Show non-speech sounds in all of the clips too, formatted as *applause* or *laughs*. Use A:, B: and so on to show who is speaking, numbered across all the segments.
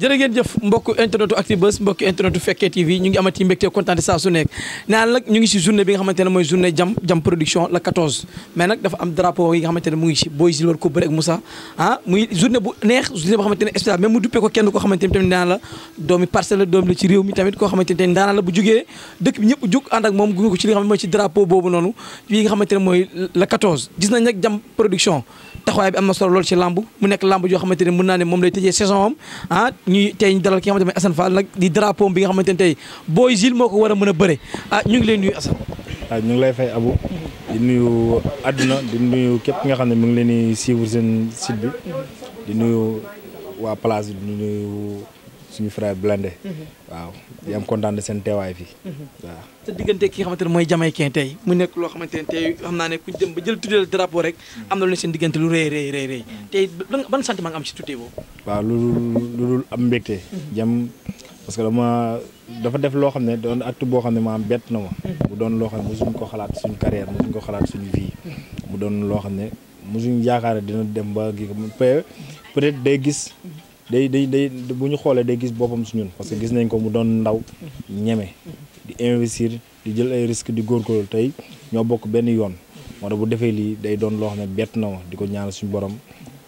A: jërë ngeen jëf mbokku internetu Actubuzz mbokku internetu Fekke TV ñu ngi amati mbégte kontaan saa su nekk naan nag ñu ngi si journée ne mooy journée jam jam production la 14 mais nag dafa am drapeau ne mu ngi si Boy Jules war ko bëre ak Moussa ah muy journée bu koo xamante ne tamit naan la doomi parcelle la doom la tamit koo xamante ne daanaan la bu jógee dëkk bi ñëpp jug ànd ak moom gunge ko ci li nga xam mooy ci drapeau boobu la 14 gis jam production taxawaay bi am na solo lool ci lamb mu nekk lamb joo xamante ne mën naa ne moom lay tëjee saison am ah, ñuy tey dalal ki nga xamante ne Assane Fall nag di drapeau bi nga xamante ne tey Boy moo ko war a mën a bëre
B: ah ñu ngi leen nuyu Assane. waaw ah, ñu ngi lay fay Abou. di nuyu adduna di nuyu képp nga xam ne mu ngi leen di suivre seen site bi di nuyu waa place bi di nuyu. suñu frère Blindé. Mhm. waaw di am kontaan de seen teewaay fii. Mhm. waaw
A: te diggante ki nga xamante ne mooy jamaïcain tey mu nekk loo xamante ne tey xam naa ne ku dem ba jël tuddeel drapeau rek mhm. am na lu ne seen diggante lu rëy rëy rëy rëy tey ban sentiment nga am si tuddee boobu.
B: waaw lu lu lu am mbégte. jam parce que dama dafa def loo xam ne doon acte boo xam ne maam bett na ma. mu doon loo xam ne mosuñ ko xalaat suñu carrière mosuñ ko xalaat suñu vie. mu doon loo day day day bu ñu xoolee day gis boppam su ñun parce que gis nañ ko mu doon ndaw ñeme di investir di jël ay risques di góorgóorlu tey ñoo bokk benn yoon moo bu defee lii day doon loo xam ne bett na ma di ko ñaanal suñu borom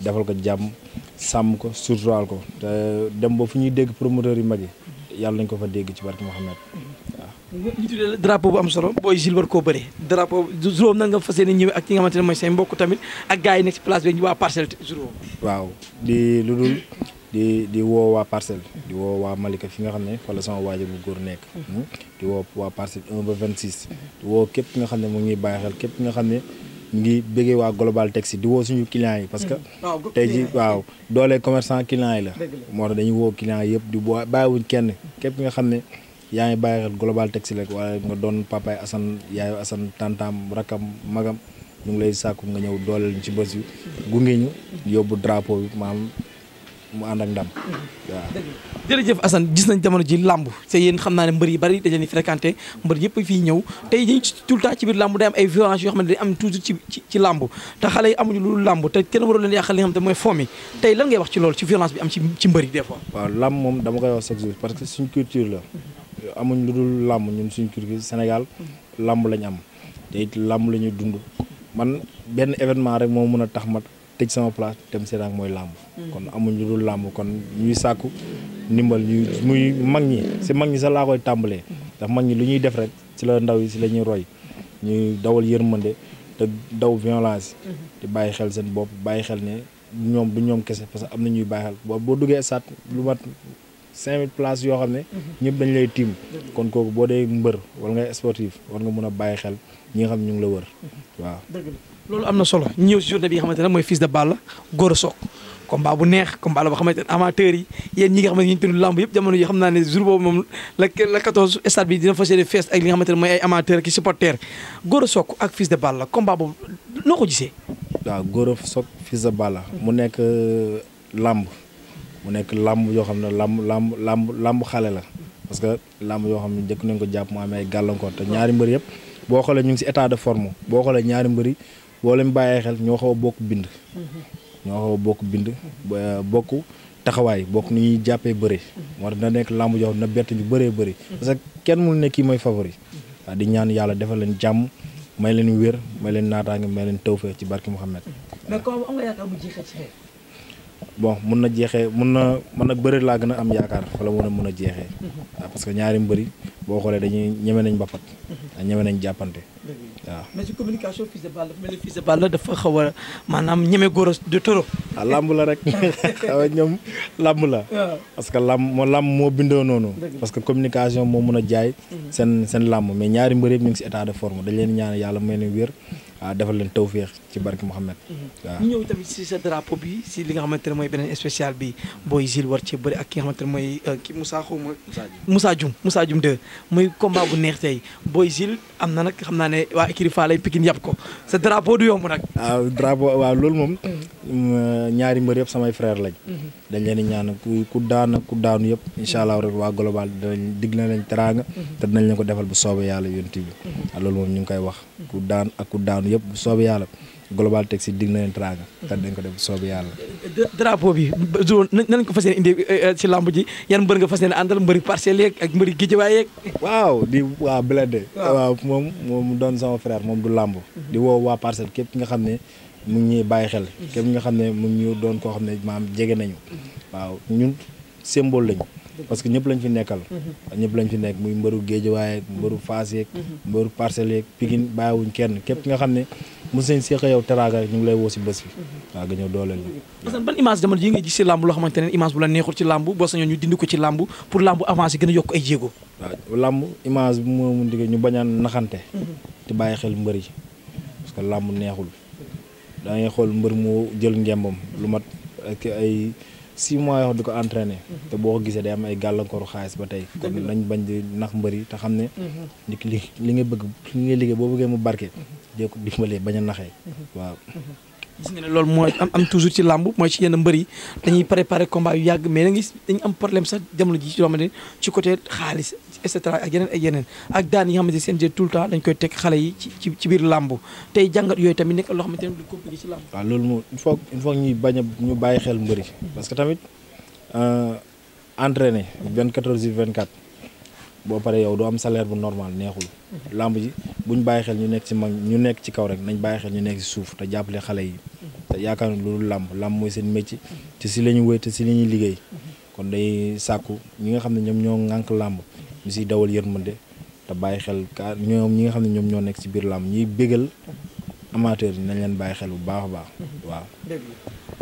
B: defal ko jàmm sàmm ko surtout ko te dem ba fu ñuy dégg promoteur yu mag yi yàlla nañ ko fa dégg ci barke Mouhamed
A: waaw ñu tuddee drapeau bu am solo booy Jules war koo bëri drapeau juróom nan nga fas yéene ñëwee ak ki nga xamante ne mooy seen mbokk tamit ak gars yi nekk si place
B: lu di di woo waa parcelle di woo waa Malika fi nga xam ne fa la sama waajur bu góor nekk hmm? di woo waa parcelle ba 26 di woo képp nga xam ne mu ngi bàyyi xel képp nga xam ne ngi bëggee waa global taxi di woo suñu clients yi parce que tey ji waaw doole commerçant clients yi la moo tax dañuy woo clients yëpp di boo bàyyiwuñ kenn képp nga xam ne yaa ngi bàyyi xel global taxi rek waaye nga doon papaay Assane yaayu Assane tantam rakam magam ñu ngi lay sàkku nga ñëw dooleel ñu ci bés bi gunge ñu yóbbu drapeau mu ànd ak ndam waaw
A: jërëjëf assan gis nañ jamono ji làmb se yéen xam naa ne mbër yi bari dañ leen fréquenté mbër yëpp fii ñëw tey dañ ci tout le temps ci biir làmb day am ay violence yoo am toujours ci ci ci làmb te xale yi amuñu loolu te kenn warul leen yàqal li nga te mooy tey ngay wax ci loolu ci violence am ci ci mbër yi des fois
B: waaw làmb moom dama koy wax amuñ lu dul làmb ñun suñ culture Sénégal làmb lañ am te it làmb la ñuy dund man benn événement rek moo mën a tax ma tëj sama place dem seetaan mooy làmb kon amuñ lu dul làmb kon ñuy sàkku ndimbal ñu muy mag ñi si mag ñi sax laa koy tàmbalee ndax mag ñi lu ñuy def rek si la ndaw yi si la ñuy roy ñuy dawal yërmande te daw violence te bàyyi xel seen bopp bàyyi xel ne ñoom du ñoom kese parce que am na ñuy bàyyi xel boo boo duggee sat lu mat cinq mille places yoo xam ne ñëpp dañ lay tiim kon kooku boo dee mbër wal ngay sportif war nga mën a bàyyi xel ñi xam ñu la wër waaw loolu am na solo ñëw si
A: journée bi nga xamante ne mooy fils de Balla Gora Sock combat bu neex combat la boo xamante ne amateurs yi yéen ñi nga xamante ne ñu tudd lamb yëpp jamono yi xam naa ne jour boobu moom la la 14 stade bi dina fas yéene fees ak li nga mooy ay amateurs ak fils de Balla combat boobu noo ko gisee.
B: waaw Gora Sock fils de mu nekk euh, lamb mu nekk lamb yoo xam ne lamb lamb lamb lamb xale la parce que lamb yoo xam ne njëkk nañ ko jàpp mu amee gàllankoor te ñaari mbër yëpp boo xoolee ñu ngi si état de forme boo xoolee ñaari mbër yi boo leen bàyyee xel ñoo xaw bokk bind. Mm-hmm. ñoo xaw bokk bind. bokk taxawaay bokk nu ñuy jàppee bëri. Mm-hmm. moo tax na nekk làmb jox na bett ñu bëree bëri. Mm-hmm. parce que kenn mënu ne kii mooy favori. di ñaan yàlla defal leen jàmm may leen wér may leen naataange may leen tawfeex ci barki Mouhamed.
A: mais kooku am nga
B: mun na jeexee mun na mën na bëri laa gën a am yaakaar wala mun a a jeexee. waaw parce que ñaari mbëri boo xoolee dañuy ñeme nañ mbapat. ñeme nañ jàppante. waaw
A: mais ci communication Fils de Balla dafa mel ni Fils de Balla dafa xaw a
B: maanaam ñeme góor de trop. ah làmb la rek xaw *laughs* a ah, ñoom làmb la. parce que làmb moo làmb moo bindoo noonu. parce que communication moo mën a jaay. Mhm. seen seen làmb mais ñaari mbër yëpp ñu ngi si état de forme dañ leen ñaan yàlla may na wér. ah defal leen tawféex ci barke Mouhamed. Mhm. waaw ñu
A: ñëw tamit si sa drapeau bi si li nga ne mooy beneen spécial bi booy Gilles euh, na ne waa écurie Fass lay Pikine yàpp ko sa drapeau du yomb nag.
B: waaw ah, drapeau waaw loolu moom. Mhm. Euh, ñaari mbër yëpp samay frère lañ. Mhm. dañ leen di ñaan ku ku daan ku daanu yëpp incha allah rek waa global ah, koy wax ku daan ak ku daanu yëpp bu soobee yàlla global teg si dig na leen traaga ko def bu soobee yàlla.
A: drapeau bi na nañ ko fas yéene indi si eh, eh, lamb ji yan mbër nga fas yéene àndal mbëri parcelles yeeg ak mbëri géejawaay yeeg.
B: waaw di waa Blindé. waaw moom moom doon sama frère moom du lamb. di woo waa parcelle képp nga xam ne mu ngi ñuy bàyyi xel. Mhm. képp nga xam ne mu ñu doon koo xam ne maam jege nañu. Mhm. waaw ñu symbole lañu. parce que ñëpp lañ fi nekkal ñëpp lañ fi nekk muy mbëru géejawaay ak mbëru faas yeeg mbëru parcelles yeeg Pikine bàyyiwuñ kenn képp ki nga xam ne mos nañ seeq yow teraanga rek ñu lay woo si bés bi waaw nga ñëw dooleel ñu
A: ban image jamono si làmb ne image bu la neexul ci làmb ñu
B: dindi ko ci làmb pour làmb avancé gën a image bi moo mun digg ñu bañaan naxante te bàyyi xel mbër yi parce que làmb neexul da ngay xool mbër moo jël ngembam lu mat ak ay six mois yoo xam di ko entraîné. te boo ko gisee day am ay gàllankooru xaalis ba tey. kon nañ bañ di nax mbëri te xam ne. nit mhm. li li nga bëgg li nga liggéey boo bëggee mu barke. Mhm. dee ko dimbalee bañ a naxee mhm. waaw.
A: gis nga ne loolu mooy am am toujours ci làmb mooy ci yenn mbër yi dañuy préparer combat yu yàgg mais da ngay dañu am problème sax jamono ji ci loo xamante ci côté xaalis et ak yeneen ak yeneen ak daan yi nga xamante seen
B: tout le temps dañ koy teg xale yi ci ci biir làmb tey jàngat yooyu tamit nekk loo xamante ne du compliqué ci làmb waaw loolu moom il faut il faut ñuy bañ a ñu bàyyi xel mbër yi parce que tamit euh, entraîner 24 heures sur 24 boo paree yow doo am salaire bu normaal neexul làmb ji buñ bàyyi xel ñu nekk ci mag ñu nekk ci kaw rek nañ bàyyi xel ñu nekk ci suuf te jàppale xale yi te yaakaar na loolu làmb làmb mooy seen métier te si la ñu wéy te si la ñuy liggéey kon day sàkku ñi nga xam ne ñoom ñoo ŋànk làmb ñu siy dawal yërmande te bàyyi xel ka ñoom ñi nga xam ne ñoom ñoo nekk ci biir làmb ñuy bégal amateur yi nañ leen bàyyi xel bu baax a baax waaw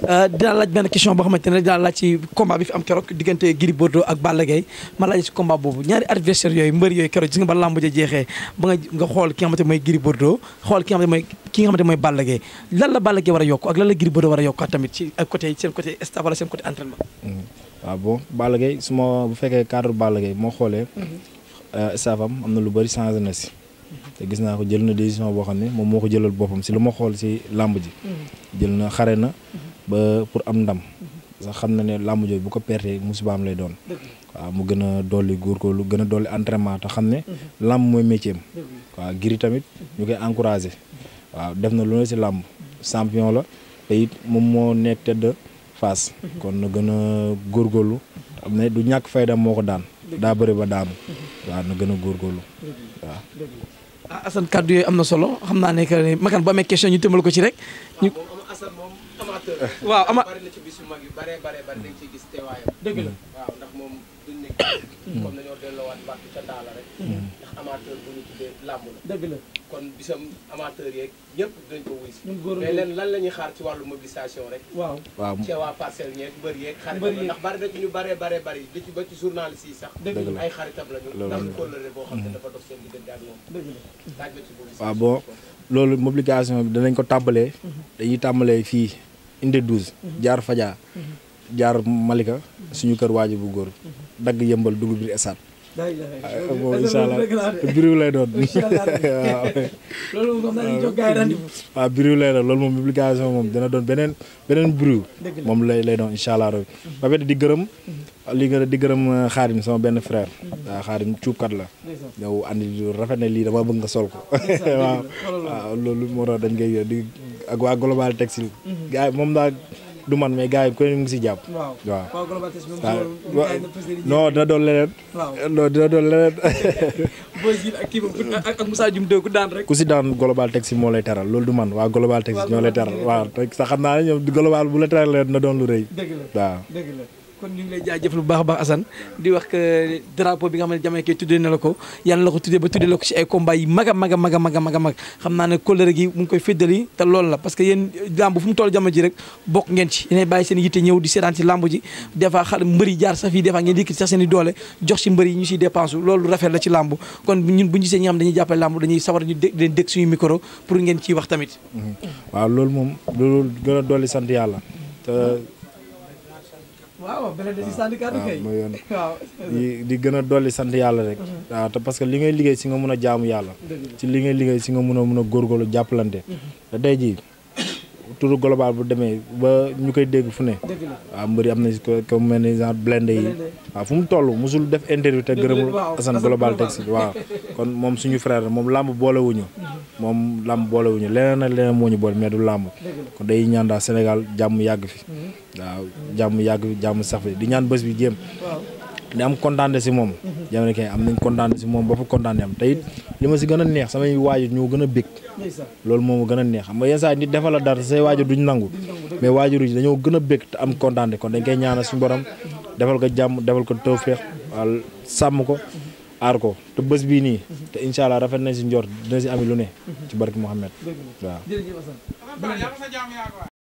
B: Euh, dinaa laaj benn question boo xamante ne rek dinaa laaj ci combat bi fi am keroog diggante
A: Gris Bordeaux ak Balla Gaye ma laaj ci combat boobu ñaari adversaire yooyu mbër yooyu keroog gis nga ba lamb ja jeexee ba nga nga xool ki nga xamante mooy Gris Bordeaux xool ki nga xamante mooy ki nga xamante mooy Balla Gaye lan la Balla Gaye war a yokk ak lan la Gris Bordeaux war a yokk tamit ci ak côté seen côté staff wala seen côté entraînement waaw
B: mm-hmm. ah bon Balla su ma bu fekkee cadre Balla Gaye moo xoolee mm-hmm. euh, staffam am na lu bëri changé na si mm-hmm. te naa ko jël na décision boo xam ne moom moo ko jëlal boppam si lu ma xool si lamb ji ba pour am ndam sax xam na ne làmb jooju bu ko perte musibaam lay doon waaw mu gën a dolli góorgóorlu gën a dolli entraînement te xam ne làmb mooy métier am waaw giri tamit ñu koy encouragé waaw def na lu ne si làmb champion la te moom moo nekk tedd fas kon na gën a góor góorlu am na du ñàkk fayda moo ko daan daa bëri ba daanu waaw na gën a góorlu waaw ah
A: Assane kàddu yooyu am na solo xam naa ne que Makane bu amee question ñu tëmbal ko ci rek waaw ama bari na ci bis yu mag yu bare bare bare dañ ciy gis teewaayam dëgg la waaw ndax moom duñ ne hmm. hmm. ñu tuddee la dëgg la kon bisam amateur yeeg ñëpp dañ ko wuy si mais leen lan la ñuy xaar ci wàllu mobilisation rek
B: waaw waaw
A: ceewaa parcelle ñeeg mbër yeeg xaritam la ndax bari na ci ñu bare bare bari li ci ba ci journaliste yi sax ay xaritam la ñu ndax kóllëre boo xam ne hmm. dafa dox seen diggante ak moom dëgg la laaj
B: ma ci bon loolu mobilisation bi danañ ko tàmbalee dañuy tàmbalee fii inde douze jaar Fadia jaar Malika suñu kër waajur bu góor dagg yëmbal dugg biir ah, esaat moom incha allah biriw lay doon waaw ah, biriw lay doon loolu moom publication moom doon beneen beneen biriw lay doon incha allah rabi mm-hmm. ba pare di gërëm mm-hmm. li nga di gërëm xaarim euh, sama benn frère waaw mm-hmm. ah, xaarim cuubkat la yow andi rafet na lii dama bëgg nga sol ko *laughs* waaw loolu moo tax dañ koy di ak waa global textile. Mhm. gars yi moom daal du man mais gars yi ku ne mu ngi si jàpp. waaw waaw global textile non doon leneen. doon leneen. *laughs*
A: ak Moussa Dioum
B: ku si daan global textile moo lay teral loolu du man waa global textile ñoo lay teral waaw te sax xam naa ne global bu la teralee dina doon lu rëy.
A: kon ñu ngi lay jaajëf lu baax a baax Assane di wax que drapeau bi nga xam ne Jamaïque tuddee na la ko yàlla la ko tuddee ba tuddee la ko ci ay combat yi mag a mag a mag a mag a mag xam naa ne kóllëre gi mu ngi koy féddali te loolu la parce que yéen lamb fu mu toll jamono ji rek bokk ngeen ci yéenay bàyyi seen yitte ñëw di seetaan ci lamb ji des fois xale mbëri jaar sax fii des fois ngeen yëkkati sax seen i doole jox ci mbëri yi ñu ciy dépense loolu rafet la ci lamb kon ñun bu ñu gisee ñi xam dañuy jàppale
B: lamb dañuy sawar ñu leen dégg suñu micro pour ngeen ciy wax tamit mm-hmm. waaw loolu moom loolu gën a dolli sant yàlla mm-hmm. te waaw ah, ah, *laughs* di di gën a dolli sant yàlla rek. waaw mhm. ah, parce que li ngay liggéey si nga mun a jaamu yàlla. ci li ngay liggéey si nga mun a mun a góorgóorlu jàppalante. Mhm. te tey jii tour global bu demee ba ñu koy dégg fu ne. waaw mbëri am na si ko comme mel ni genre blende yi. waaw fu mu toll mosul def interview te gërëmul Assane global taxi waaw *laughs* kon moom suñu frère moom làmb boolewuñu. Mhm. moom làmb boolewuñu leneen ak leneen moo ñu boole mais du làmb. kon day ñaan daal Sénégal jàmm yàgg fi. Mhm. waaw jàmm yàgg fi jàmm sax fi di ñaan bés bi jéem. di am kontaante si moom. Mhm. jamono kay am nañ kontaante si moom ba fa kontaante am te it ma si gën a neex samay waajur ñoo gën a bég. loolu moom gën a neex xam nga yenn saa nit defal la dara say waajur duñ nangu. mais waajur yi dañoo gën a bég te am kontaante kon dañ koy ñaanal suñu borom defal ko jàmm defal ko feex wal sàmm ko. Mhm. aar ko te bés bii nii. Mhm. te incha allah rafet nañ si njort dina si ami lu ne. ci barke Mouhamed waaw.